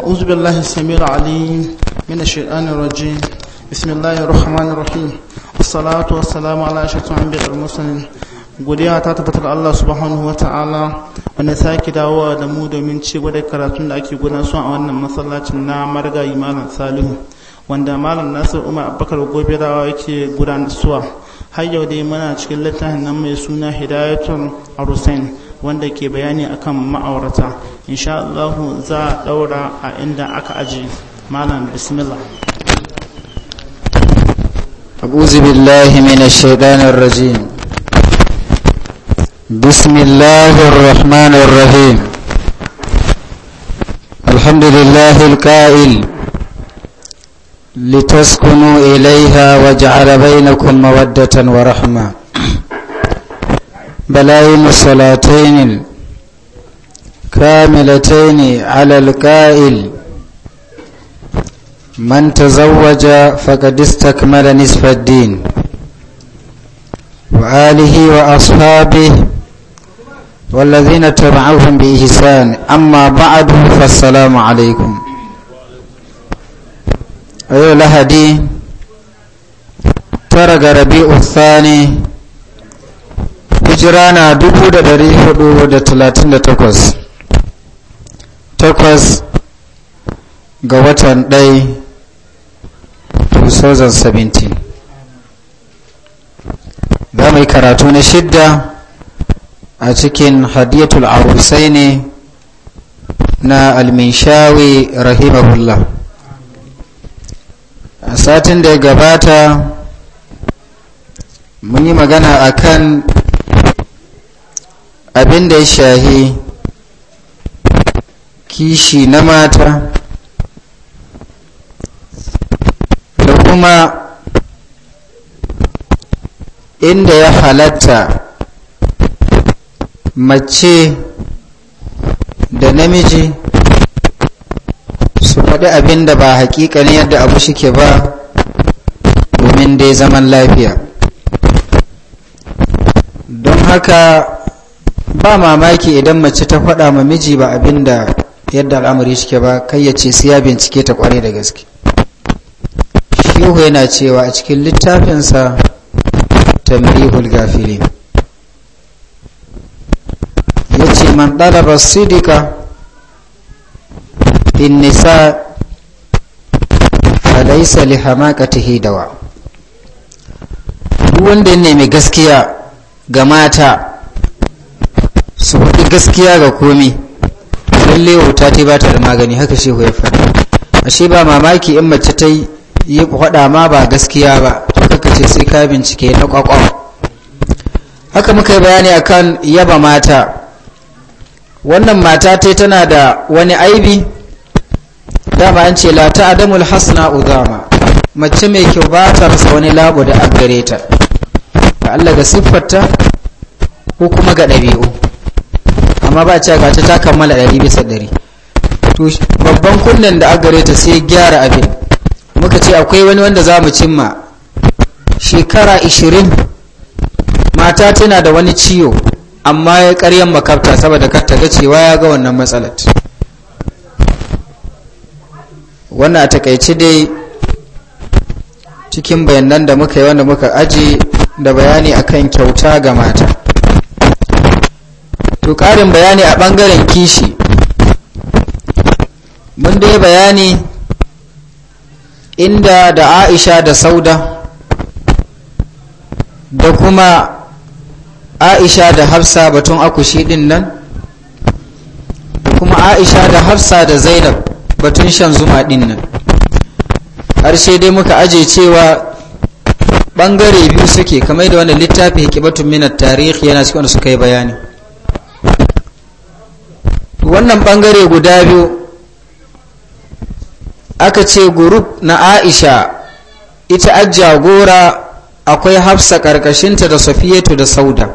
أعوذ بالله السميع العليم من الشيطان الرجيم بسم الله الرحمن الرحيم والصلاة والسلام على أشرف الأنبياء والمرسلين godiya ta tabbatar Allah subhanahu wa ta'ala wanda sake dawowa da mu domin ci da karatun da ake su a wannan masallacin na margayi malam salihu wanda malam nasir umar abubakar gobe dawa yake gudanarwa har yau dai muna cikin littafin nan mai suna hidayatul arusain wanda ke bayani akan ma'aurata insha Allah za a daura a inda aka aje malam bismillah أعوذ بالله من الشيطان الرجيم بسم الله الرحمن الرحيم الحمد لله الكائل لتسكنوا إليها وجعل بينكم مودة ورحمة بلائم الصلاتين الكاملتين على القائل من تزوج فقد استكمل نصف الدين وآله وأصحابه والذين تبعوهم بإحسان أما بعد فالسلام عليكم أيها الأهدي ترك ربيع الثاني hijira na 438 takwas ga watan 1 2017 za mu yi karatu na shidda a cikin hadiyatul arusai ne na alminshawi rahimahullah a satin da ya gabata mun yi magana akan abin da ya shahi kishi na mata da kuma inda ya halatta mace da namiji su faɗi abin da ba haƙiƙanin yadda abu shike ba domin dai zaman lafiya don haka ba mamaki idan mace ta faɗa ma miji ba abin da yadda al'amari suke ba kai ya ce sai ya bincike ta kware da gaske shehu yana cewa a cikin littafinsa tamrihul gafilin ya ce man ɗalaba sidika in nisa falaisa li hamakatihi dawa duk wanda ya nemi gaskiya ga mata su faɗi gaskiya ga komi lalle wauta ta ba ta da magani haka shehu ya faɗi ashe ba mamaki in mace ta yi faɗa ma ba gaskiya ba kaka ce sai ka bincike na kwakwa haka muka yi bayani akan yaba mata wannan mata ta tana da wani aibi dama an ce la ta adamul hasna uzama mace mai kyau ba ta rasa wani labu da agareta ga Allah ga siffarta ko kuma ga ɗabi'u amma ba ce ga ta kammala ɗari bisa ɗari to babban kunnen da aka gare ta sai gyara abin muka ce akwai wani wanda za mu cimma shekara 20 mata tana da wani ciwo amma ya karyan makabta saboda kar ta ga cewa ya ga wannan matsalar wannan a takaice dai cikin bayanan da muka yi wanda muka aji da bayani akan kyauta ga mata to karin bayani a bangaren kishi mun dai bayani inda da aisha da sauda da kuma aisha da hafsa batun akushi din nan da kuma aisha da hafsa da zainab batun shan zuma din nan harshe dai muka aje cewa bangare biyu suke kamar da wani littafi batun minar tarihi yana cikin wanda suka yi bayani wannan bangare guda biyu aka ce gurub na aisha ita ajjagora akwai hafsa karkashinta da safiyatu da sauda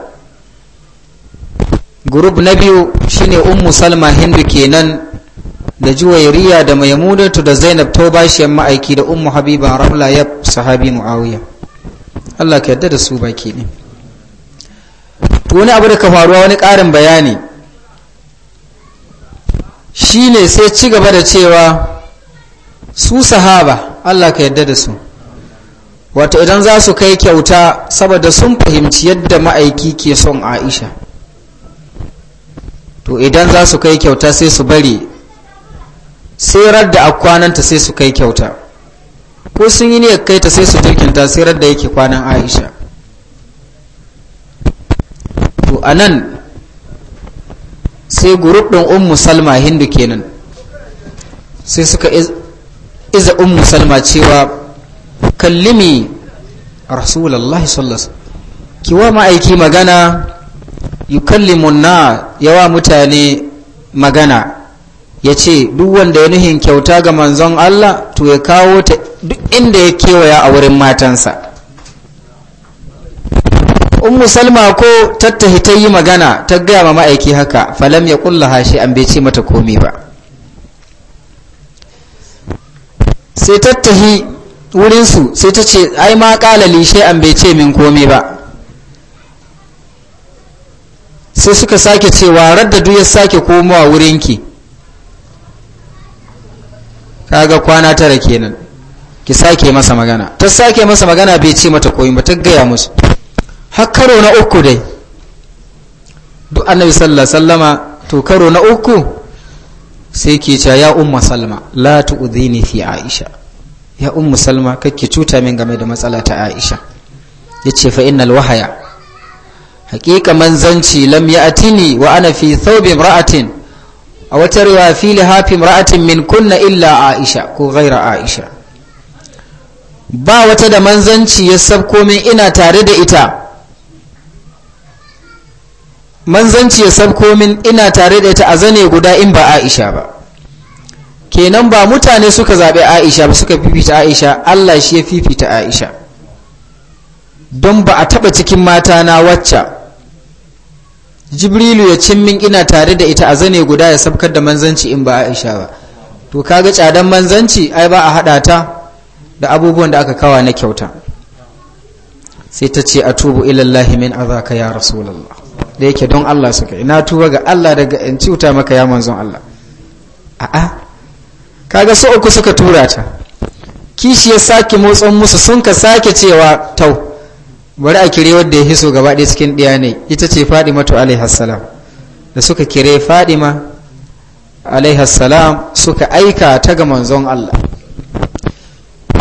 gurub na biyu shine ummu salma hindu kenan da juwairiya da maimunatu da zainab bashiyan ma'aiki da ummu habiba ramla ya sahabi mu'awiya allah ka yadda da su baki ne to wani abu da ka faruwa wani karin bayani Shi ne sai ci gaba da cewa su sahaba Allah ka yarda da su wato idan za su kai kyauta saboda sun fahimci yadda ma'aiki ke son aisha to idan za su kai kyauta sai su bari tsirar da akwananta sai su kai kyauta ko sun yi niyyar kai ta sai su jirkinta tsirar da yake kwanan aisha to a nan sai gurup ɗin ummu salma hindu kenan sai suka iza ummu salma cewa kallimi rasulallah sallas ki wa ma'aiki magana yukallimun na yawa mutane magana ya ce duk wanda ya nuhin kyauta ga manzon Allah to ya kawo ta duk inda ya kewaya a wurin matansa ummu salma ko tattahi ta yi magana ta gaya ma ma'aiki haka falam ya kulla hashe an bai ce mata komi ba sai tattahi wurinsu sai ta ce ai ma kala lishe an bai ce min komi ba sai suka sake cewa radda duk ya sake komowa wurinki kaga kwana tara kenan ki sake masa magana ta sake masa magana bai ce mata koyi ba ta gaya musu hakkaro na uku dai duk annabi sallallahu sallama to karo na uku sai ke cewa ya umma salma la tu'dhini fi aisha ya umma salma kake cuta min game da matsala ta aisha yace fa innal wahaya haqiqa manzanci lam ya'tini wa ana fi thawbi imra'atin a wata riwaya fi lihafi imra'atin min kunna illa aisha ko ghaira aisha ba wata da manzanci ya sabko min ina tare da ita manzanci ya sabko min ina tare da ita a zane guda in ba aisha ba kenan ba mutane suka zaɓi aisha ba suka fifita aisha allah shi ya fifita aisha don ba a taɓa cikin mata na wacce jibrilu ya cin min ina tare da ita a zane guda ya sabkar da manzanci in ba aisha ba to ka ga tsadan manzanci ai ba a haɗa ta da abubuwan da aka kawa na kyauta sai ta ce a tubu ilallahi min azaka ya rasulallah da yake don Allah suka ina tuba ga Allah daga in ciuta maka ya manzon Allah a'a kaga su uku suka tura ta kishi ya sake motsan musu sun ka sake cewa tau bari a kire wadda ya hiso gaba ɗaya cikin ɗiya ne ita ce fadima to alaihassalam da suka kire fadima alaihassalam suka aika ta ga manzon Allah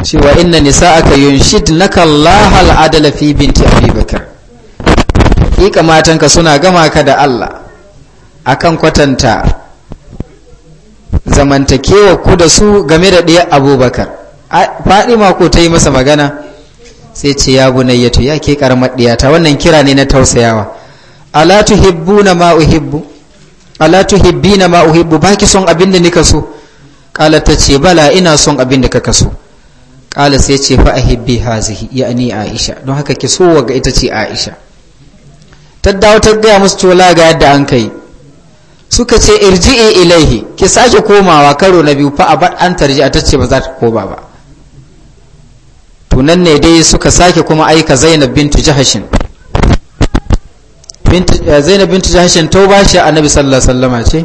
cewa inna aka yunshidnaka Allah al-adala fi binti Abi Bakar matan matanka suna gama ka da Allah akan kwatanta zamantakewa ku da su game da ɗaya abubakar faɗi ko ta yi masa magana sai ce ya bunayyatu ya ke karamar ɗiyata wannan kira ne na tausayawa alatu hibbu na ma'u hibbu baki son abin da nika so kala ta ce bala ina son abin da ka so kala sai ce fa hibbi hazihi ni aisha don haka ki so ga ita ce aisha ta dawo ta gaya musu tola ga yadda an kai suka ce irji'i ilaihi ki sake komawa karo na biyu fa abad an tarji ta ce ba za ta koma ba tunan ne dai suka sake kuma aika zainab bintu jahashin eh, zainab bintu jahashin ba shi annabi sallallahu alaihi wasallama ce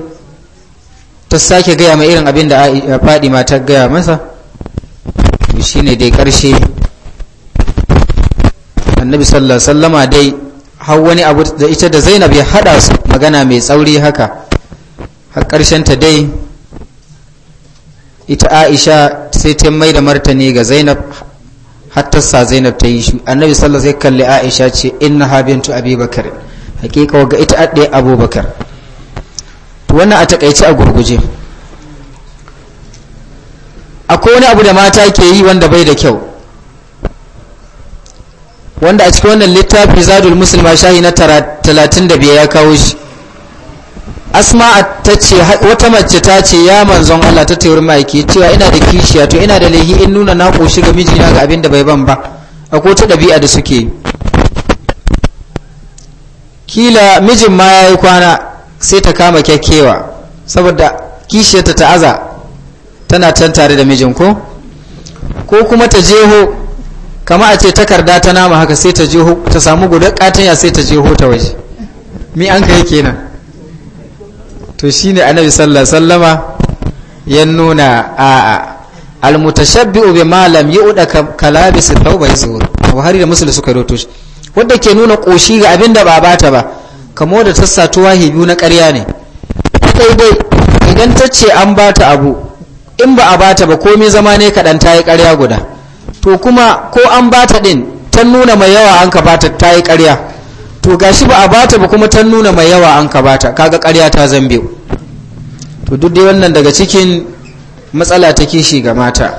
ta sake gaya mai irin abin da eh, ma ta gaya masa ne dai karshe annabi sallallahu alaihi wasallama dai har wani abu da ita da zainab ya haɗa su magana mai tsauri haka har ta dai ita aisha sai ta mai da martani ga zainab sa zainab ta yi shi annabi sallallahu alaihi kalli aisha ce inna habintu abubakar hakika ga ita adde abubakar to wannan a takaice a gurguje akwai wani abu da mata ke yi wanda bai da kyau wanda a cikin wannan littafi zadul musulma shahi na 35 ya kawo shi asma ta ce wata mace ta ce ya manzon Allah ta tayar maiki cewa ina da kishiya to ina da lahi in nuna na koshi ga mijina ga abin da bai ban ba akwai ta ɗabi'a da suke kila mijin ma ya yi kwana sai ta kama kyakkewa saboda kishiyarta aza tana can tare da mijin ko ko kuma ta jeho kama a ce takarda ta nama haka sai ta je ta samu guda katanya sai ta je hota waje mi an kai kenan to shine annabi sallallahu sallama ya nuna a'a almutashabbi'u ma lam yu'da kalabis thawba wa buhari da musulmi suka roto shi wanda ke nuna koshi ga abin da ba bata ba kamo da tassa tuwahi biyu na ƙarya ne dai idan ta ce an bata abu in ba a bata ba komai zama ne kaɗan ta yi ƙarya guda to kuma ko an bata din ta nuna mai yawa an ka bata ta yi karya to gashi ba a bata ba kuma ta nuna mai yawa an ka bata kaga karya ta zambe to duk dai wannan daga cikin matsala ta kishi ga mata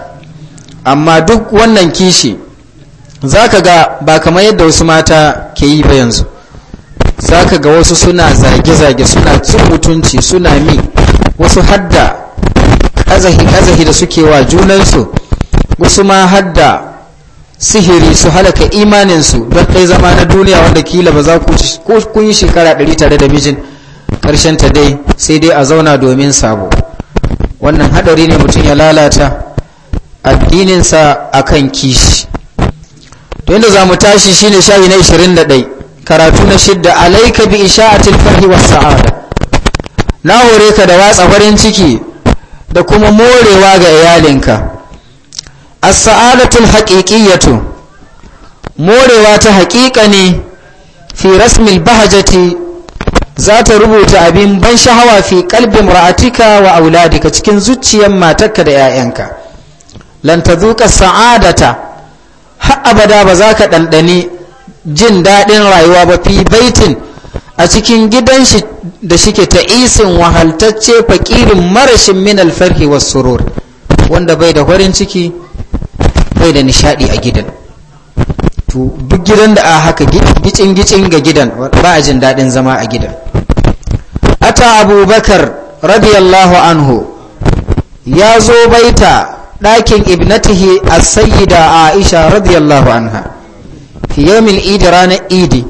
amma duk wannan kishi za ka ga ba kamar yadda wasu mata ke yi ba yanzu za ka ga wasu suna zage-zage suna cin mutunci suna mi wasu hadda ƙazahi kazahi da suke wa junansu wasu ma hadda sihiri su halaka imaninsu don kai zama na duniya wanda kila ba za ku kun yi shekara ɗari tare da mijin ƙarshen ta dai sai dai a zauna domin sabo wannan hadari ne mutum ya lalata addininsa a kan kishi to yadda za mu tashi shi shine shayi na 21 karatu na shidda alaika bi isha'atil farhi was sa'ada na hore ka da watsa farin ciki da kuma morewa ga iyalinka as-sa'adatul haqiqiyyatu morewa ta haqiqa ne fi rasmil bahajati za ta rubuta abin ban sha'awa fi kalbin ra'atika wa auladika cikin zuciyar matarka da 'ya'yanka lan tazuka sa'adata har abada ba za ka ɗanɗani jin daɗin rayuwa ba fi baitin a cikin gidan shi da shike ta isin wahaltacce fakirin marashin min alfarki was surur wanda bai da farin ciki bai da nishadi a gidan to duk gidan da a haka gicin gicin ga gidan ba a jin daɗin zama a gidan ata abubakar radiyallahu anhu ya zo baita ɗakin ibnatihi a sayyida aisha radiyallahu anha fi yawmin idi ranar idi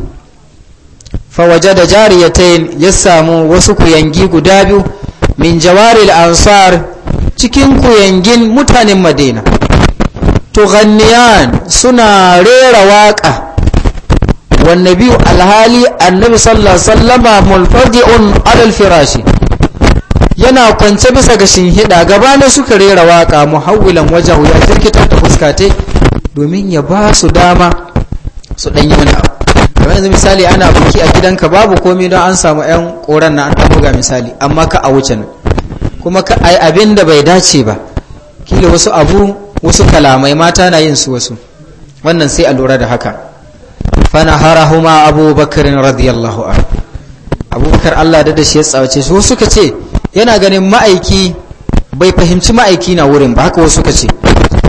fawaje da jariyatayin ya samu wasu kuyangi guda biyu min jawaril ansar cikin kuyangin mutanen madina tughanniyan suna rera waka waƙa wannabi alhali annabi sallallahu sallama mulfadi'un alal firash yana kwance bisa ga gaba gabanin suka rera waka muhawwilan wajahu ya jirkitar ta fuska domin ya ba su dama su dan yi wani abu yanzu misali ana buki a gidanka babu komai don an samu 'yan koran na an buga misali amma ka a wuce nan kuma ka ai abin da bai dace ba kila wasu abu wasu kalamai mata na yin su wasu wannan sai a lura da haka Fana harahuma abubakar radiyallahu anhu abubakar Allah da shi ya tsawace su ka ce yana ganin ma'aiki bai fahimci ma'aiki na wurin ba haka wasu ka ce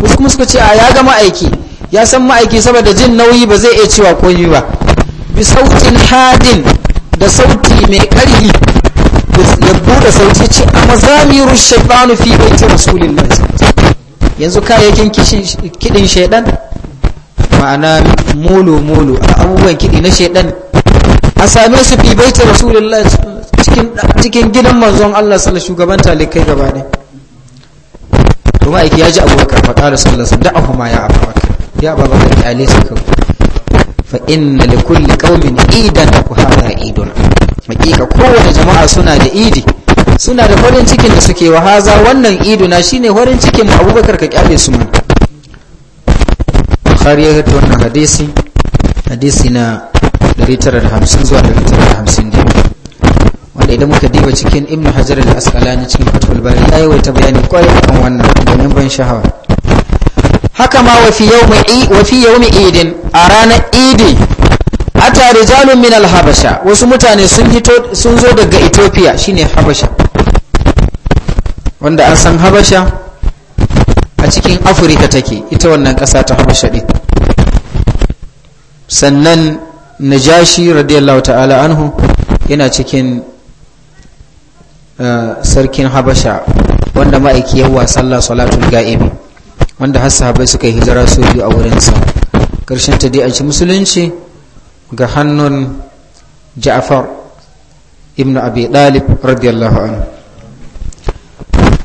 wasu kuma suka ce a ya ga ma'aiki ya san ma'aiki saboda jin nauyi ba zai iya cewa komi ba bi sautin hadin da sauti mai ƙarfi ya buɗe sauti ce a mazamiru shaitanu fi baiti rasulillahi yanzu kayayyakin kiɗin shaidan ma'ana molo-molo a abubuwan kiɗi na shaidan a same su fi baita rasulullah cikin gidan manzon Allah sallar shugaban talikai gaba ne to ma'aiki ya ji abubakar da sallarsa da'ahu ma ya abubakar ya abubakar kyale su kawai fa inna li kulli qaumin idan ku hada idun hakika kowace jama'a suna da idi suna da farin cikin da suke wa haza wannan iduna shine farin cikin abubakar ka kyale su mu bukhari ya gato wannan hadisi hadisi na 950 zuwa 950 wanda idan muka diba cikin ibnu hajar al-asqalani cikin fatul bari ya yawaita bayani kwarai akan wannan domin ban sha'awa haka ma wa fi yawmi wa fi yawmi idin a ranar idi ata rijalun min al-habasha wasu mutane sun hito sun zo daga ethiopia shine habasha wanda an san habasha a cikin afirka take ita wannan ƙasa ta habasha ɗin sannan najashi radiyallahu ta'ala anhu yana cikin eh, sarkin habasha wanda ma'aiki yawa sallah salatul ga'ibi wanda har sahabai suka yi hijira su biyu a wurinsa ƙarshen ta dai a ci musulunci ga hannun ja'far ibn abi dalib radiyallahu anhu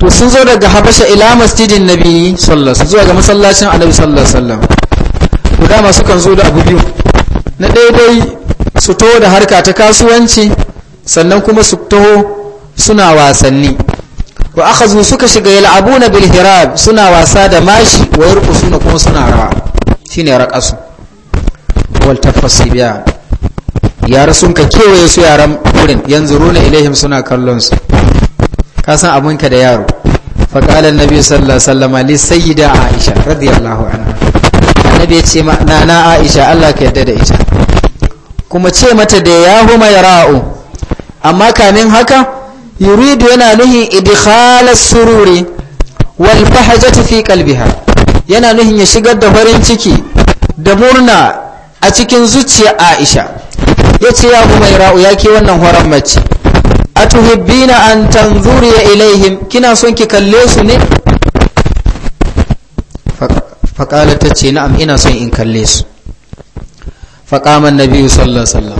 to sun zo daga habasha ila masjidin nabi sallallahu zuwa ga masallacin annabi sallallahu alaihi wasallam to dama sukan zo da abu biyu na daidai su taho da harka ta kasuwanci sannan kuma su taho suna wasanni wa akhazu suka shiga yal'abuna bil hirab suna wasa da mashi wa suna kuma suna rawa shine raqasu wal tafasibiya Ya sun ka kewaye su yaran gurin yanzu runa ilaihim suna kallon su ka san abinka da yaro faƙala annabi sallallahu alaihi wasallam li sayyida aisha radiyallahu anha annabi ya ce ma nana aisha Allah ka yarda da ita kuma ce mata da yahu ma ra'u amma kamin haka yuridu yana nuhin idkhala sururi wal bahajati fi qalbiha yana nuhin ya shigar da farin ciki da murna a cikin zuciya Aisha yace ya Umayra ya yake wannan horon mace atuhibbina an tanzuriya ilaihim kina son ki kalle su ne faƙala ta ce na'am ina son in kalle su faƙaman nabi sallallahu sallam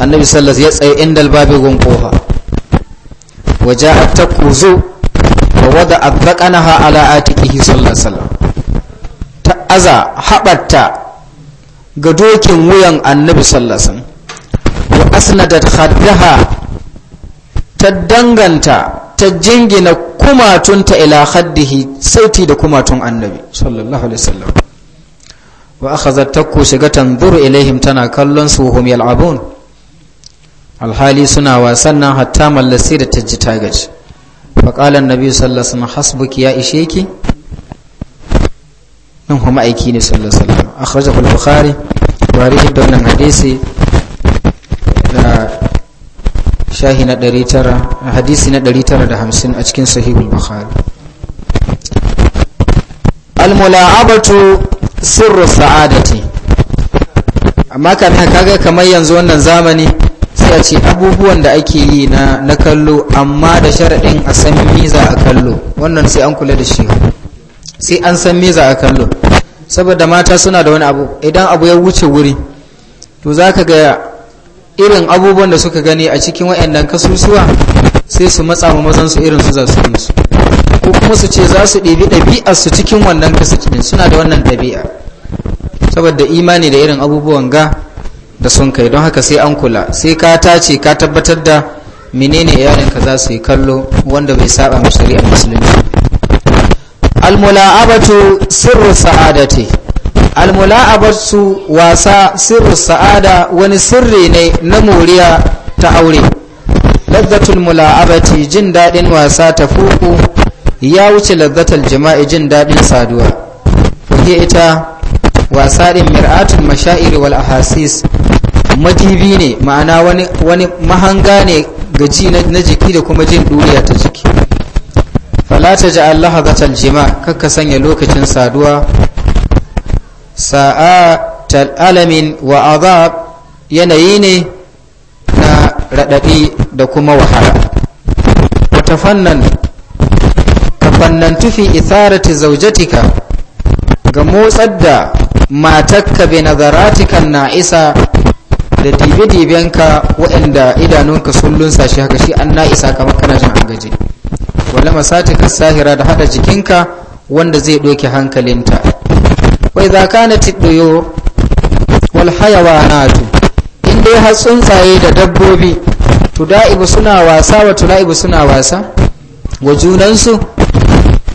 annabi sallallahu ya tsaye inda albabi gun kofa waje a ta kuzo wa wada a ha ala atikihi sallallahu sallam ta aza haɓarta ga dokin wuyan annabi sallallahu wa asnadat haddaha. ta danganta ta jingina kumatunta ila haddihi sauti da kumatun annabi sallallahu alaihi wasallam wa akhazat takku shiga tanzuru ilaihim tana kallon su hum yal'abun alhali suna wasan nan hatta mallasi da tajji tagaj fa qala annabi sallallahu alaihi wasallam hasbuki ya isheki nan kuma aiki ne sallallahu alaihi wasallam akhrajahu al-bukhari wa rihi da wannan hadisi da shahi na 900 hadisi na 950 a cikin sahihul bukhari almula'abatu sirru sa'adati amma kafin kaga kamar yanzu wannan zamani sai a ce abubuwan da ake yi na na kallo amma da sharadin a san miza a kallo wannan sai an kula da shi sai an san miza a kallo saboda mata suna da wani abu idan abu ya wuce wuri to za ka ga irin abubuwan da suka gani a cikin waɗannan kasusuwa sai su matsa ma mazan su irin su za su musu kuma su ce za su ɗebi ɗabi'ar su cikin wannan kasusuwa suna da wannan ɗabi'a saboda imani da irin abubuwan ga da sun kai don haka sai an kula sai ka tace ka tabbatar da menene ka za su yi kallo wanda bai saba ma shari'ar musulunci almula'abatu sirru sa'adati almula'abatu wasa sirru sa'ada wani sirri ne na moriya ta aure lazzatul mula'abati jin daɗin wasa ta fuku ya wuce ladzatul jima'i jin daɗin saduwa fuke ita wasa ɗin mir'atun mashairi wal ahasis madibi ne ma'ana wani mahanga ne ga ji na jiki da kuma jin duniya ta jiki falata ji allaha zatal jima kakka sanya lokacin saduwa sa'atal alamin wa azab yanayi ne na raɗaɗi da kuma wahala wata fannan ka fannan tufi isarati zaujatika ga motsar da matakka bi nazaratikan na'isa da dibe-dibenka waɗanda idanunka sun lunsa shi haka shi an na'isa kamar kana jin an gaji wala masatikar sahira da haɗa jikinka wanda zai ɗoke hankalinta وإذا كانت الطيور والحيوانات إن دي da'ibu suna دبوبي تدائب سنا واسا وتلائب سنا واسا junansu.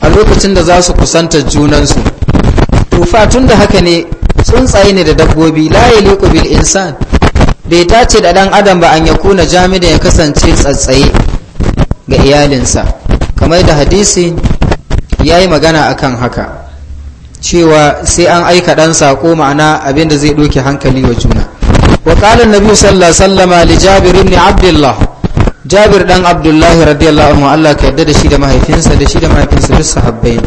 a lokacin da za su kusanta junansu tufa tun da haka ne tsuntsaye ne da dabbobi laye liku bil insan bai tace da dan adam ba an ya kuna da ya kasance tsatsaye ga iyalinsa kamar da hadisi ya yi magana akan haka cewa sai an aika ɗan saƙo ma'ana abinda zai doke hankali wa juna wa an nabi sallallahu wasallam li jabir ibn abdullah jabir dan abdullahi radiyallahu anhu Allah ka yadda da shi da mahaifinsa da shi da mahaifinsa duk sahabbai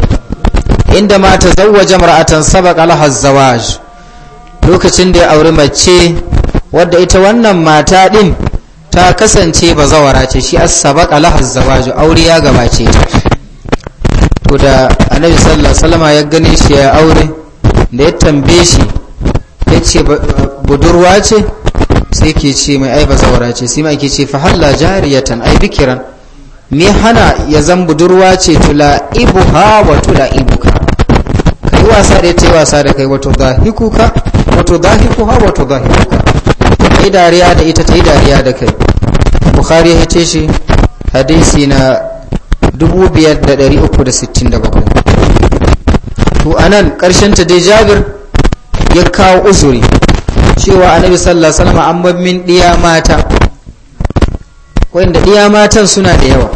inda ma ta zawwaja mar'atan sabaq alaha zawaj lokacin da ya auri mace wadda ita wannan mata din ta kasance bazawara ce shi as sabaq alaha zawaj aure ya gabace ta to da annabi sallallahu salama ya gane shi ya aure da ya tambaye shi ya ce budurwa ce sai ke ce mai ai bazawara ce sai mai ke ce fa halla jariyatan ai bikiran me hana ya zan budurwa ce tula ibuha wa tula ibuka kai wasa da ce wasa da kai wato zahikuka wato ha wato zahikuka kai dariya da ita ta yi dariya da kai bukhari ya ce shi hadisi na 2,367 to anan karshen ta dai jabir ya kawo usuri. cewa annabi sallallahu alaihi wasallam an min diya mata wanda diya matan suna da yawa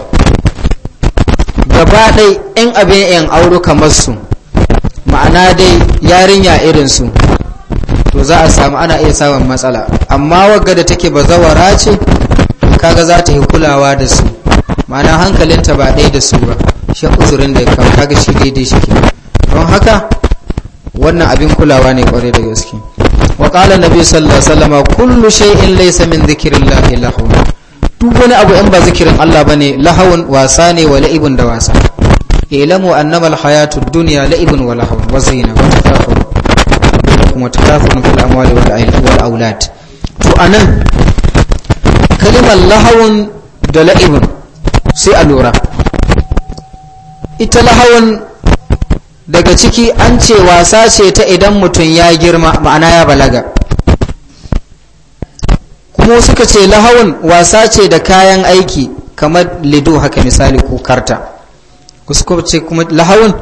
gaba dai yan abin yan auro kamar su ma'ana dai yarinya irin su to za a samu ana iya samun matsala amma wagga da take bazawara ce kaga za ta yi kulawa da su ma'ana hankalinta ba ɗaya da su ba shi uzurin da ya kawo kaga shi daidai shi ke don haka wannan abin kulawa ne kwarai da gaske wa qala nabi sallallahu alaihi wasallam kullu shay'in laysa min dhikrillahi lahun duk wani abu in ba zikirin Allah bane lahawun wasa ne wa la'ibun da wasa ilamu annama alhayatu ad-dunya la'ibun wa lahawun wa zina wa tafahur kuma tafahur fil amwali wal wal aulad to anan kalimar lahawun da la'ibun sai a lura ita lahawun daga ciki an ce wasa ce ta idan mutum ya girma ma'ana ya balaga kuma suka ce lahawun wasa ce da kayan aiki kamar lido haka misali ko karta kusa ce kuma lahawun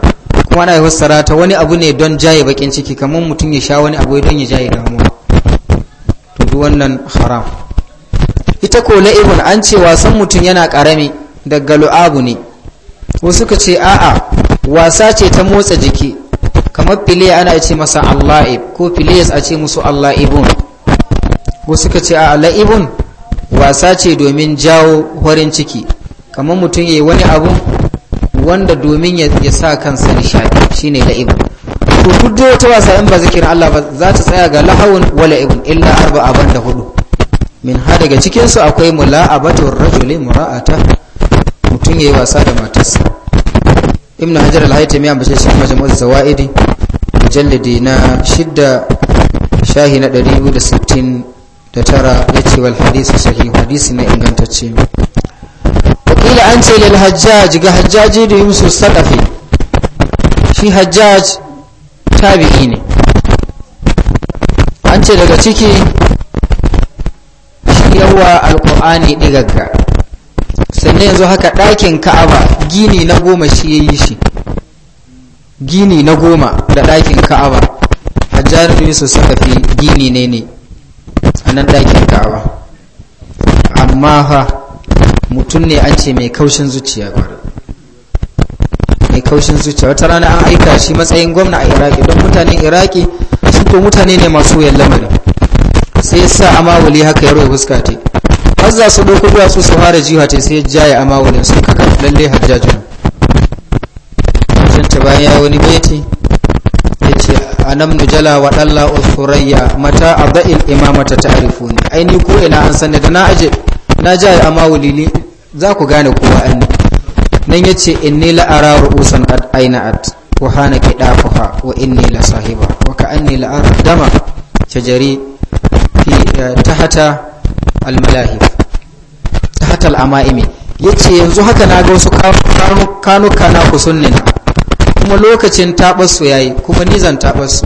kuma na fassara ta wani abu ne don jaye bakin ciki kamar mutum ya sha wani abu don ya jaye damuwa to duk wannan haram ita ko la'ibun an ce wasan mutum yana karami daga lu'abu ne wasu ka ce a'a wasa ce ta motsa jiki kamar filiy ana ce masa allah'ib ko filiyas a ce musu allah'ibun wasu ka ce a'a la'ibun wasa ce domin jawo horin ciki kamar mutum ya yi wani abu wanda domin ya sa kansa nishadi shine la'ibun to duk wata wasa in ba zikirin Allah ba za ta tsaya ga lahawun wala ibn illa arba'a banda hudu min ha daga cikin su akwai mula'abatu rajulin mura'ata mutum ya yi wasa da matarsa ibn hajar al-haitami ya bace cikin majmu'ul zawaidi mujalladi na shidda shahi na 269 yace wal hadisi sahih hadisi na ingantacce wakila an ce lil hajjaj ga hajjaji da yusuf sadafi shi hajjaj tabi'i ne an ce daga ciki shi yawa alqur'ani digagga sannan yanzu haka ɗakin ka'aba gini na goma shi ya yi shi gini na goma da ɗakin ka'aba hajjarin yusuf suka fi gini ne ne a nan ɗakin ka'aba amma fa mutum ne an ce mai kaushin zuciya kwarai mai kaushin zuciya wata rana an aika shi matsayin gwamna a iraki don mutanen iraki sun to mutane ne masu yan lamarin sai ya sa amawuli haka ya roe fuska te har za su ɗauko duwatsu su fara jiwa ta sai jaya a mawulin sai kaka lalle hajjajuna shan ta bayan ya wani beti ya ce a nan nujala wa ɗalla usurayya mata a ba'il imamata ta arifu ne aini ko ina an sani da na aje na jaya a mawuli za ku gane kowa an nan ya ce in ne la'ara ru'usan aina at wa hana kidafuha wa inni la sahiba wa ka ne la'ara dama shajari eh, ta. al-malahi ta al ama'imi yace yanzu haka na ga wasu kanuka na kusunnin kuma lokacin tabar ya yi kuma nizan su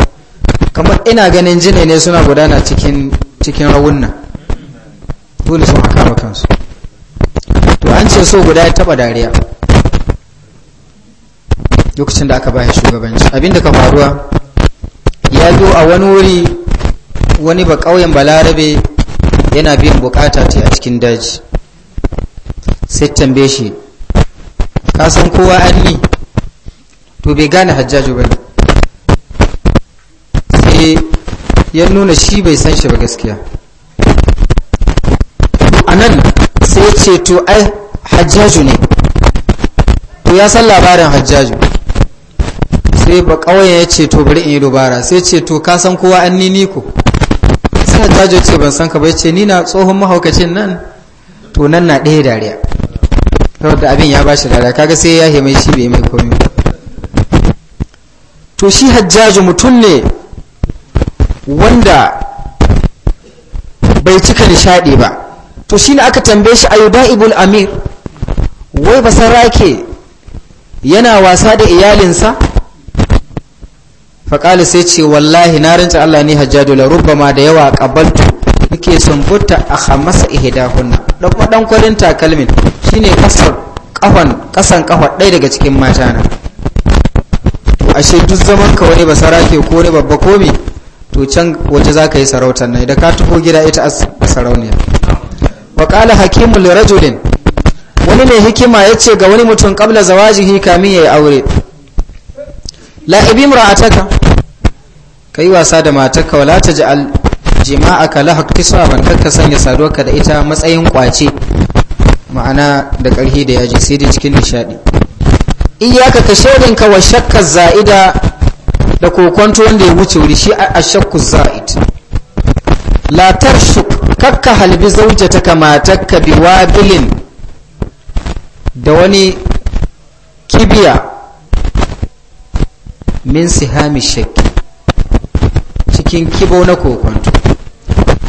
kamar ina ganin jine ne suna gudana cikin cikin rawunna dole sun haka kansu to an ce so guda ya taɓa dariya lokacin da aka bashi shugabanci abinda ka faruwa ya zo a wani wuri wani ba ƙauyen balarabe yana biyan bukata ce a cikin daji sai tambaye shi ka san kowa arni to bai gane hajjaju ba ne sai ya nuna shi bai san shi ba gaskiya a nan sai ya ce to ai hajjaju ne to ya san labarin hajjaju sai ba kawai ya ce to bari in yi dubara sai ce to ka san kowa an ni ko sa jajo ce ban san ka ba ce ni na tsohon mahaukacin nan to nan na ɗaya dariya saboda abin ya bashi dariya kaga sai ya heme shi bai mai komi to shi hajjaju mutum ne wanda bai cika nishaɗi ba to shi ne aka tambaye shi ayuda ibul amir wai basarake yana wasa da iyalinsa faƙali sai ce wallahi na rinci Allah ne hajjadu la ma da yawa ƙabaltu muke sumbuta a hamasa ihidahunna da kuma ɗan kwarin takalmin shi ne ƙasan kasan kafa ɗaya daga cikin mata na to ashe duk zaman ka wani basara ke ko babba komi to can waje za ka yi sarautar nan da ka tuko gida ita a sarauniya waƙala hakimul rajulin wani mai hikima ya ce ga wani mutum ƙabla zawajihi kamin ya yi aure la'ibi mura'ataka ka yi wasa da matarka wala ta ji'al jima'aka lahaq ban kakka sanya saduwarka da ita matsayin kwace ma'ana da ƙarfi da yaji sai da cikin nishaɗi. iyaka ka shedinka wa shakka za'ida da kokonto wanda ya wuce wuri shi a shakku za'id la tarshuk kakka halbi zaujataka matarka biwabilin da wani kibiya min sihami shakki cikin kibo na kokonto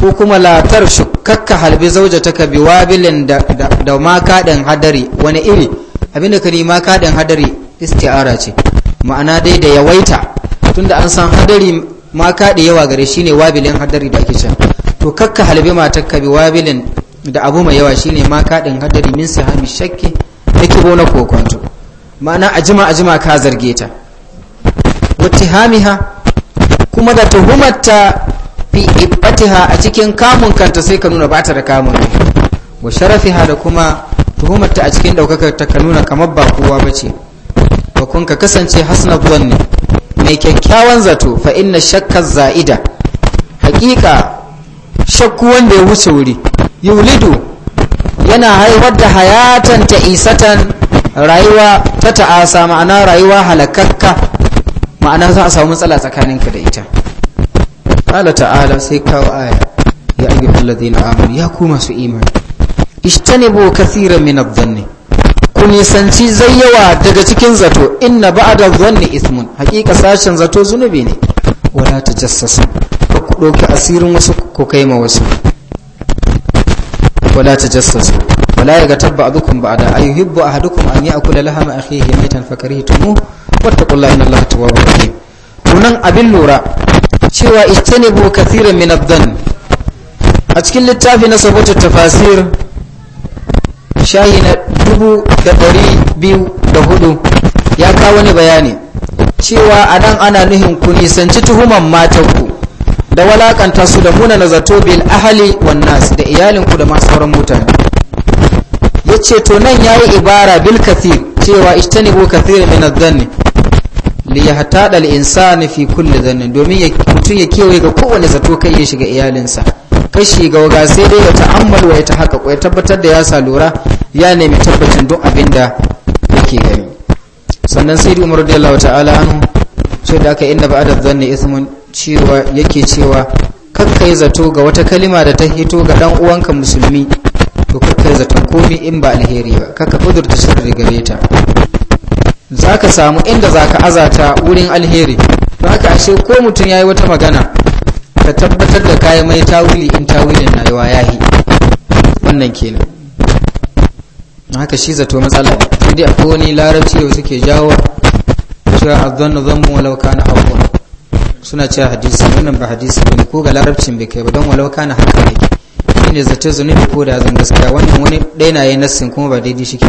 ko kuma latar shukakka halbi zaujataka biwabilin da da makaɗin hadari wani iri abinda ka nima kaɗin hadari isti'ara ce ma'ana dai da yawaita tunda an san hadari makaɗi yawa gare shi ne wabilin hadari da ake can to kakka halbi bi wabilin da abu mai yawa shi shine makaɗin hadari min sihami shakki na kibo na kokonto ma'ana a a jima ka zarge ta ittihamiha kuma da tuhumarta fi ibbatiha a cikin kamun kanta sai ka nuna ba ta da kamun wa sharafiha da kuma tuhumarta a cikin daukakar ta ka nuna kamar ba kowa ba ce wa kun ka kasance hasna ne mai kyakkyawan zato fa inna shakka za'ida hakika shakku wanda ya wuce wuri yulidu yana haifar da hayatan ta isatan rayuwa ta ta'asa ma'ana rayuwa halakakka ma'ana za a samu matsala tsakaninka da ita qala ta'ala sai kawo aya ya ayyuhal ladina amanu ya ku masu imani ishtanibu kathiran min adh-dhanni ku nisanci zai yawa daga cikin zato inna da dhanni ismun. haƙiƙa sashen zato zunubi ne wala tajassasu ku ɗauki asirin wasu ko kai ma wasu wala tajassasu wala yaghtab ba'dukum ba'da ayuhibbu ahadukum an ya'kula lahama akhihi maitan fakarihtumuh wattaqullaha innallaha tawwabur rahim tunan abin lura cewa ijtanibu kathiran min ad a cikin littafi na sabota tafasir shahi na hudu ya kawo wani bayani cewa a nan ana nuhin ku nisanci tuhuman matanku da walakanta su da muna zato bil ahali wan nas da iyalinku da ma sauran mutane yace to nan yayi ibara bil kathir cewa ko kathir min adh-dhanni li yahtada al-insani fi kulli dhanni domin mutum ya kewaye ga kowane zato kai ya shiga iyalinsa kashi ga waga sai dai ya ta'ammal wa ya tahaqqaq ya tabbatar da ya sa lura ya nemi tabbacin duk abinda yake gani sannan sai umar radiyallahu ta'ala anhu sai da aka inna ba'da dhanni ismun cewa yake cewa yi zato ga wata kalima da ta hito ga dan uwanka musulmi to yi zato komi in ba alheri ba kaka kudurta sharri gare ta ka samu inda za ka azata wurin alheri to haka ashe ko mutum ya yi wata magana ka tabbatar da kayan mai tawili in tawilin na yawa yahi wannan kenan haka shi zato matsala sai dai akwai wani larabci da suke jawo cewa zan zammu walau kana haqqan suna cewa hadisi wannan ba hadisi bane ko ga larabcin bai kai ba don walau kana haka ne shine zato zunubi ko da zan gaskiya wannan wani ɗaya na yi nassin kuma ba daidai shike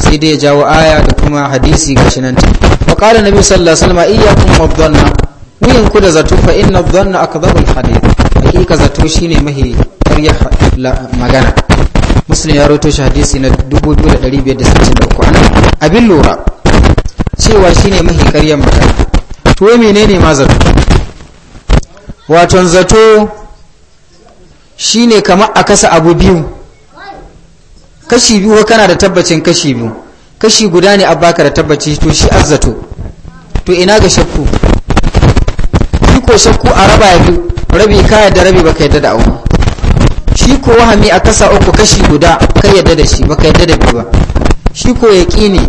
sai dai ya jawo aya da kuma hadisi ga shi nan ta wa qala nabi sallallahu alaihi wasallam iyyakum wadhanna wuyan ku da zato fa inna dhanna akdhabul hadith hakika zato shine mahi ƙarya magana muslim ya rawaito shi hadisi na 2563 abin lura cewa shine mahi ƙaryar magana to wai menene ma zato waton zato shine kamar a kasa abu biyu kashi biyu kana da tabbacin kashi biyu kashi guda ne abaka da tabbaci to shi azzato to ina ga shakku shi ko shakku a raba ya biyu rabi ka yadda rabi baka yadda da abu shi ko wahami a kasa uku kashi guda ka yadda da shi baka yadda da biyu ba shi ko ne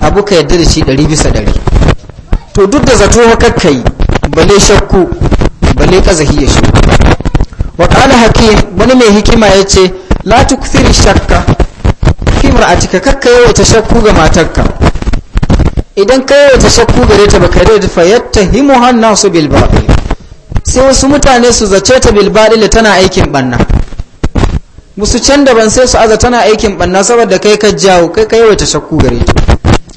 abu ka yadda da shi ɗari bisa ɗari to duk da zato kai bale shakku bale kazahi ya shi wa qala hakim wani mai hikima ya ce, la tukthiri shakka fi mar'atika kakka yawaita shakku ga matarka idan ka yawaita shakku gare ta baka da fa yattahimu hannasu bil batil sai wasu mutane su zace ta bil batil tana aikin banna musu can ban sai su aza tana aikin banna saboda kai ka jawo kai ka yawaita shakku gare ta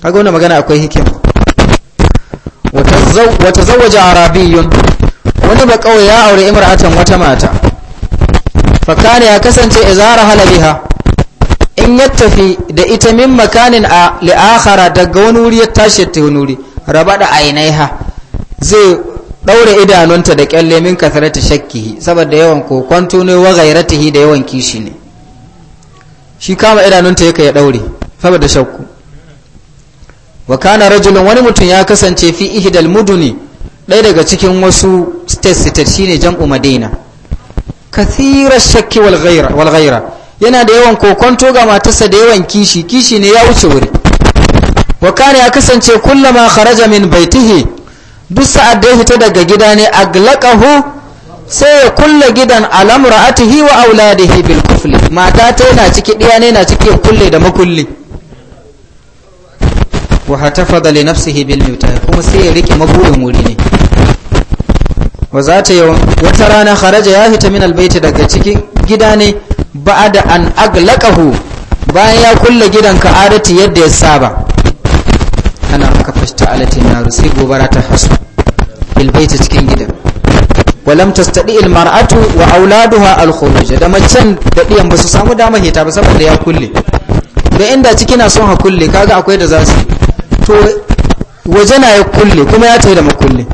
kaga wannan magana akwai hikima wata a arabiyun wani ba kawai ya aure imra'atan wata mata fakane ya kasance izara halabiha in ya tafi da ita min makanin a li'akhara daga wani wuri ya tashi ta wani wuri raba da ainiha zai daure idanunta da kyalle min kasarata shakki saboda yawan kokonto ne wa gairatihi da yawan kishi ne shi kama idanunta yake ya daure saboda shakku wa kana rajulun wani mutum ya kasance fi ihdal muduni ɗaya daga cikin wasu state state shine jam'u madina kathira shakki wal ghaira wal ghaira yana da yawan kokonto ga matarsa da yawan kishi kishi ne ya wuce wuri wa kana ya kasance kullama kharaja min baitihi duk sa'ad da fita daga gida ne aglaqahu sai ya kulle gidan alamra'atihi wa auladihi bil kufli mata ta yana ciki diya ne na ciki kulle da makulli wa hatafaza li nafsihi bil mutah kuma sai ya rike maburin wuri ne wa za ta yau wata rana kharaja ya fita min albaita daga cikin gida ne ba'da an aglaqahu bayan ya kulle gidan ka adati yadda ya saba ana haka fashta alatin naru sai gobara ta hasu bil cikin gidan walam tastadi al mar'atu wa auladuha al khuruj da macen da diyan ba su samu dama hita ba saboda ya kulle da inda ciki na son ha kulle kaga akwai da za su to waje na ya kulle kuma ya tafi da makulle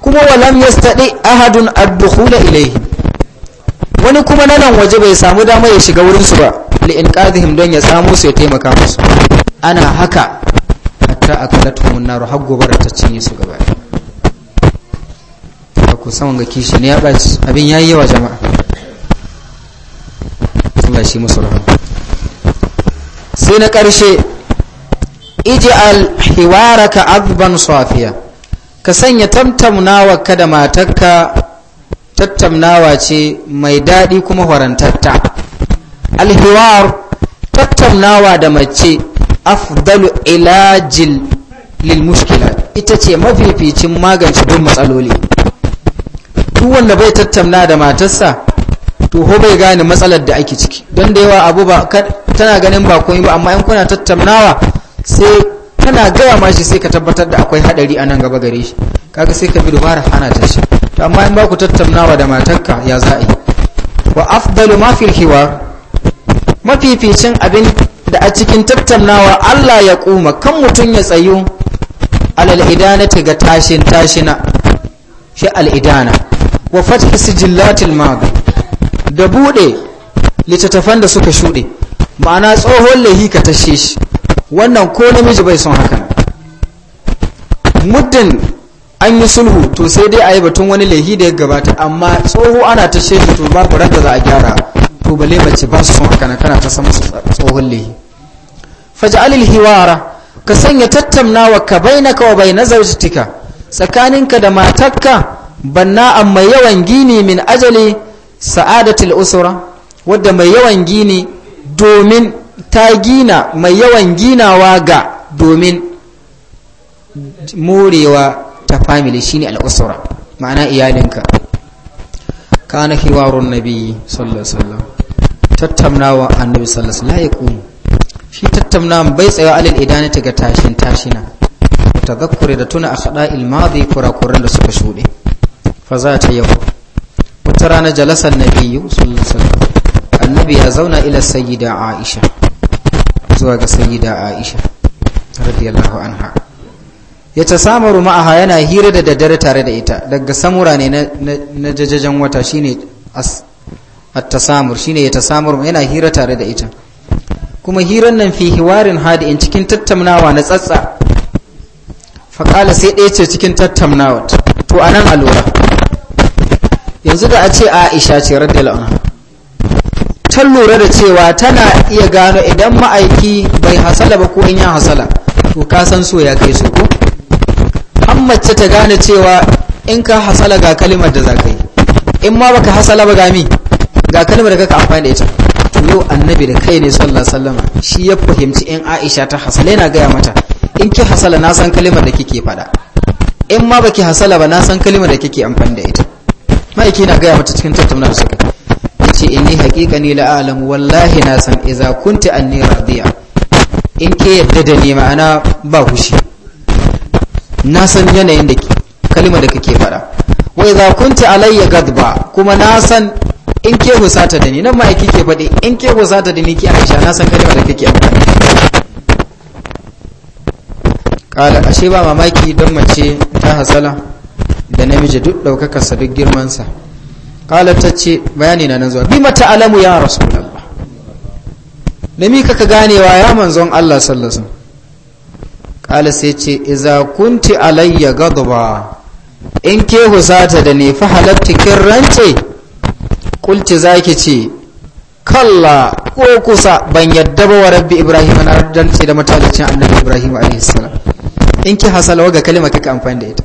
kuma walam yastadi ahadun ad-dukhul ilayhi wani kuma nan waje bai samu dama ya shiga wurin su ba li inqadhihim don ya samu su ya taimaka musu ana haka hatta akalatuhum an-nar har gobara ta cinye su gaba ku saman ga kishi ne ya baci abin yayi yawa jama'a Allah shi musu rahama sai na ƙarshe ij'al hiwaraka azban safiya ka sanya tamtamnawa ka da matarka tattamnawa ce mai daɗi kuma horantatta alhiwar tattamnawa da mace afdalu ilajil lil mushkila ita ce mafificin magance duk matsaloli duk wanda bai tattamna da matarsa to ho bai gane matsalar da ake ciki don da yawa abu ba tana ganin ba komai ba amma in kuna tattamnawa sai tana gaya ma shi sai ka tabbatar da akwai hadari a nan gaba gare shi kaga sai ka bi dubara hana ta shi to amma in ba ku tattaunawa da matarka ya za a yi wa afdalu ma fil hiwar mafificin abin da a cikin tattaunawa Allah ya kuma kan mutum ya tsayu alal idanati ga tashin tashina shi al idana wa fatih sijillatil madi da bude littattafan da suka shuɗe ma'ana tsohon lahi ka tashe shi wannan ko namiji bai son haka muddin an yi sulhu to sai dai a yi batun wani laihi da ya gabata amma tsoho ana ta shehi to babu da za a gyara to bale mace ba su son haka kana ta samu tsohon laihi faj'alil hiwara ka sanya tattaunawa ka ka wa baina zawjatika tsakaninka da matarka banna mai yawan gini min ajali sa'adatul usra wadda mai yawan gini domin ta gina mai yawan ginawa ga domin morewa ta family shine al'usura ma'ana iyalinka kana hiwarun nabi sallallahu alaihi wasallam tattaunawa annabi sallallahu alaihi wasallam shi tattaunawa bai tsaya alal idani ta ga tashin tashina tadhakkuri da tuna akhada al-madi kurakuran da suka shude fa za ta yau wata rana jalasar nabi sallallahu alaihi wasallam annabi ya zauna ila sayyida aisha zuwa ga sayyida Aisha radiyallahu anha ya tasamaru ma'aha yana hira da daddare tare da ita daga samura ne na jajjajen wata shine at-tasamur shine ya samaru yana hira tare da ita kuma hiran nan fi hiwarin hadi'in cikin tattaunawa na tsatsa kala sai ɗaya ce cikin tattaunawa to anan alura yanzu da a ce Aisha ce radiyallahu anha ta lura da cewa tana iya gano idan ma'aiki bai hasala ba ko in ya hasala to ka san so ya kai so ko an mace ta gane cewa in ka hasala ga kalimar da za ka yi in ma baka hasala ba gami ga kalimar da kaka amfani da ita to yau annabi da kai ne sallallahu alaihi wasallama shi ya fahimci in Aisha ta hasala yana gaya mata in ki hasala na san kalimar da kike faɗa in ma baki hasala ba na san kalimar da kike amfani da ita ma'aiki na gaya mata cikin tattauna da suka ce inni haqiqani la a'lamu wallahi na san idza kunti anni radiya in ke yadda da ni ma'ana ba hushi na san yanayin da ke kalma da kake faɗa wa idza kunti alayya gadba kuma na san in ke husata da ni nan ma'aiki ke faɗi in ke husata da ni ki aisha na san kalma da kake amfani kala ashe ba mamaki don mace ta hasala da namiji duk ɗaukakarsa duk girmansa qalat ce bayani na nan zuwa bi mata alamu ya rasulullah da mi kaka ganewa ya manzon Allah sallallahu alaihi sai ce iza kunti alayya gadba in ke husata da ne fa halatti kin rance kulti zaki ce kalla ko kusa ban yadda ba wa rabbi ibrahim na rance da matalicin annabi ibrahim alaihi salam in ki hasalawa ga kalma kika amfani da ita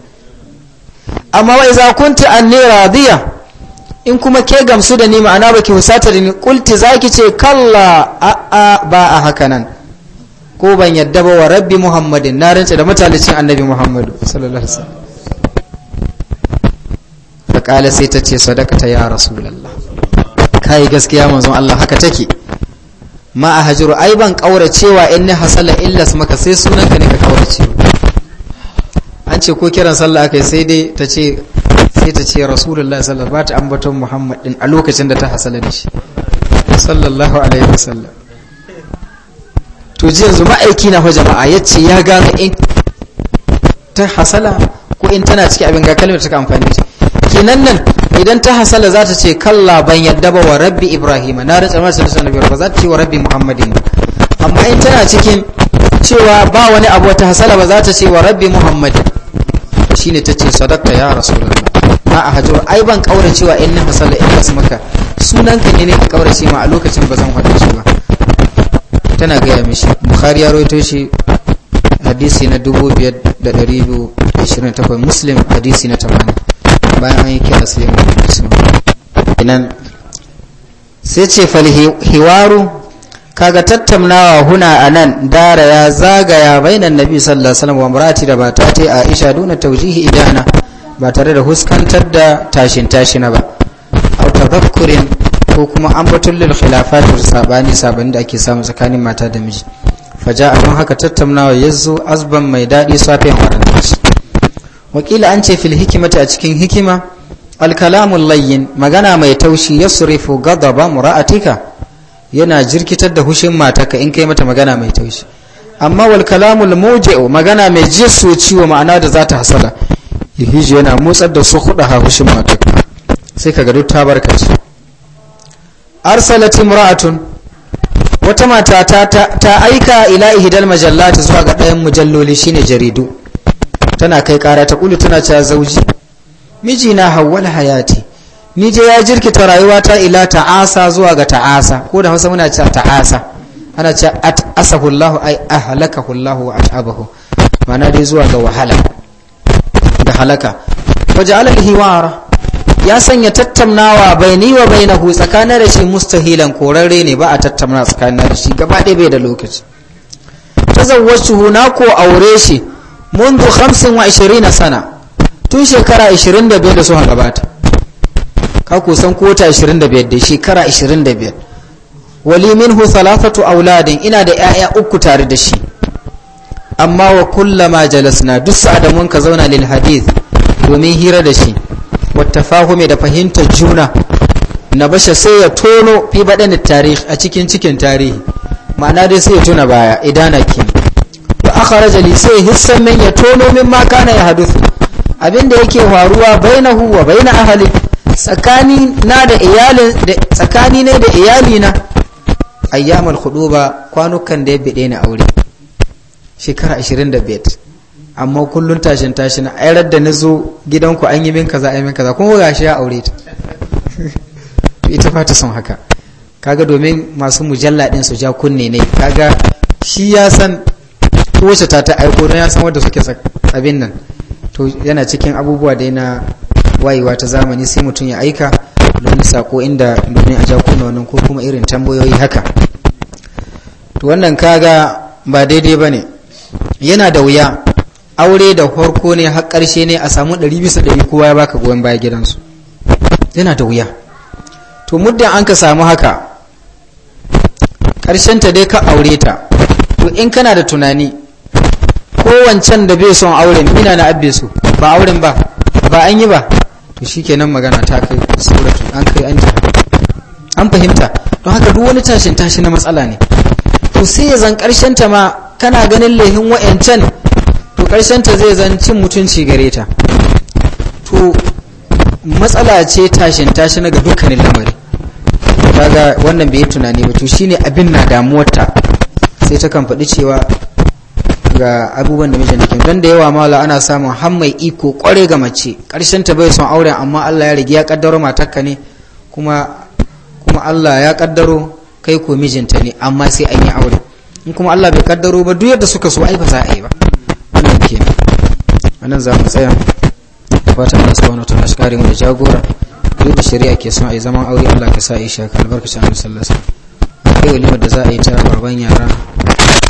amma wa iza kunti anni radiya in kuma ke gamsu da ni ma'ana baki husata da ni kulti za ki ce kalla a'a ba a haka nan ko ban yadda ba wa rabbi muhammadin na rance da matalicin annabi muhammadu sallallahu alaihi wasallam faƙala sai ta ce sadaka ta ya rasulullah kai gaskiya manzo Allah haka take ma a hajiru ai ban ƙauracewa in ni hasala illas maka sai sunanka ne ka ƙauracewa an ce ko kiran sallah aka yi sai dai ta ce sai ta ce rasulullah sallallahu ba ta ambaton muhammad din a lokacin da ta hasala da shi sallallahu alaihi wasallam to ji yanzu ma'aiki na jama'a ya ce ya gano in ta hasala ko in tana cikin abin ga kalmar ta amfani da kenan nan idan ta hasala za ta ce kalla ban yadda ba wa rabbi ibrahim na rantsa ma da sanar ba za ta ce wa rabbi muhammadin amma in tana cikin cewa ba wani abu ta hasala ba za ta ce wa rabbi muhammadin to shine ta ce sadaka ya rasulullah ba a hajjar ai ban kauracewa in na hasala in basu maka sunanka ne ne ka kaurace ma a lokacin ba zan faɗe shi ba tana gaya mishi bukhari ya rawaito shi hadisi na 5228 muslim hadisi na 80 bayan an yi kira sai mu inan sai ce fal hiwaru kaga tattaunawa huna anan dara ya zagaya bainan nabi sallallahu alaihi wasallam murati da bata ta Aisha duna tawjihi idana ba tare da huskantar da tashin tashina ba aw tadhakkurin ko kuma ambatul lil khilafat sabani sabani da ake samu tsakanin mata da miji faja don haka tattaunawa yazo azban mai dadi safin waranci wakila an ce fil hikimata a cikin hikima kalamul layyin magana mai taushi yasrifu ghadaba mura'atika yana jirkitar da hushin matarka in kai mata magana mai taushi amma wal kalamul magana mai jisso ciwo ma'ana da za ta hasala yahiji yana motsar da su kuɗa ha hushin matarka sai ka ga duk ta barka arsalati arsalat imra'atun wata mata ta, aika ila ihdal majallati zuwa ga ɗayan mujalloli shine jaridu tana kai kara ta kulu tana cewa zauji miji na hawwal hayati ni je ya jirkita rayuwa ta ila ta'asa zuwa ga ta'asa ko da hausa muna cewa ta'asa ana cewa at asahullahu ay ahlakahullahu wa ashabahu ma'ana dai zuwa ga wahala da halaka Waje al-hiwara ya sanya tattaunawa baini wa bainahu tsakanin da shi mustahilan korarre ne ba a tattauna tsakanin da shi gaba ɗaya bai da lokaci tazawwajtuhu na ko aure shi منذ 25 sana tun shekara 25 da suka gabata ka kusan kota 25 da shekara 25 wali minhu thalathatu auladin ina da 'ya'ya uku tare da shi amma wa kullama jalasna duk sa'ada mun ka zauna lil hadith domin hira da shi wattafahume da fahimtar juna na bashe sai ya tono fi baɗanin tarihi a cikin cikin tarihi ma'ana dai sai ya tuna baya idana ke wa aka li sai hissan min ya tono min ma kana ya hadusu abinda yake faruwa bainahu wa baina ahali tsakani na da iyali na ne da iyalina kwanukan da ya bide ni aure shekara 25 amma kullum tashin tashin ai da na zo gidanku an yi min kaza yi min kaza kuma gashi ya aure ta ita fa ta son haka kaga domin masu mujalla din su ja kunne ne kaga shi ya san wacce ta ta aiko don ya san wanda suke tsabin nan to yana cikin abubuwa dai na wayewa ta zamani sai mutum ya aika don sako inda domin a jakuna wannan ko kuma irin tambayoyi haka to wannan kaga ba daidai ba ne yana da wuya aure da farko ne har ƙarshe ne a samu ɗari bisa ɗari kowa ya baka goyon baya gidansu yana da wuya to muddin an ka samu haka ta dai ka aure ta to in kana da tunani kowancan da bai son auren mina na abbe su ba auren ba ba an yi ba to shikenan magana ta kai suratun an kai an jihar an fahimta don haka duk wani tashin tashi na matsala ne to sai ya zan karshen ta ma kana ganin lehin wa'ancan to karshen ta zai zan cin mutunci gare ta to matsala ce tashin tashi na ga dukkanin lamari ga wannan bai tunani ba to shine abin na damuwar ta sai ta kan faɗi cewa ga abubuwan da mijin ke don da yawa mala ana samun har mai iko kware ga mace karshen ta bai son auren amma Allah ya rigi ya kaddaro matarka ne kuma kuma Allah ya kaddaro kai ko mijinta ne amma sai an yi aure in kuma Allah bai kaddaro ba duk yadda suka so ai ba za a yi ba wannan ke nan za mu tsaya fata Allah subhanahu wataala shi kare mu da jagora duk da shari'a ke son ai zaman aure Allah ka sa Aisha ka albarkacin Annabi sallallahu alaihi wasallam akwai walimar da za a yi ta baban yara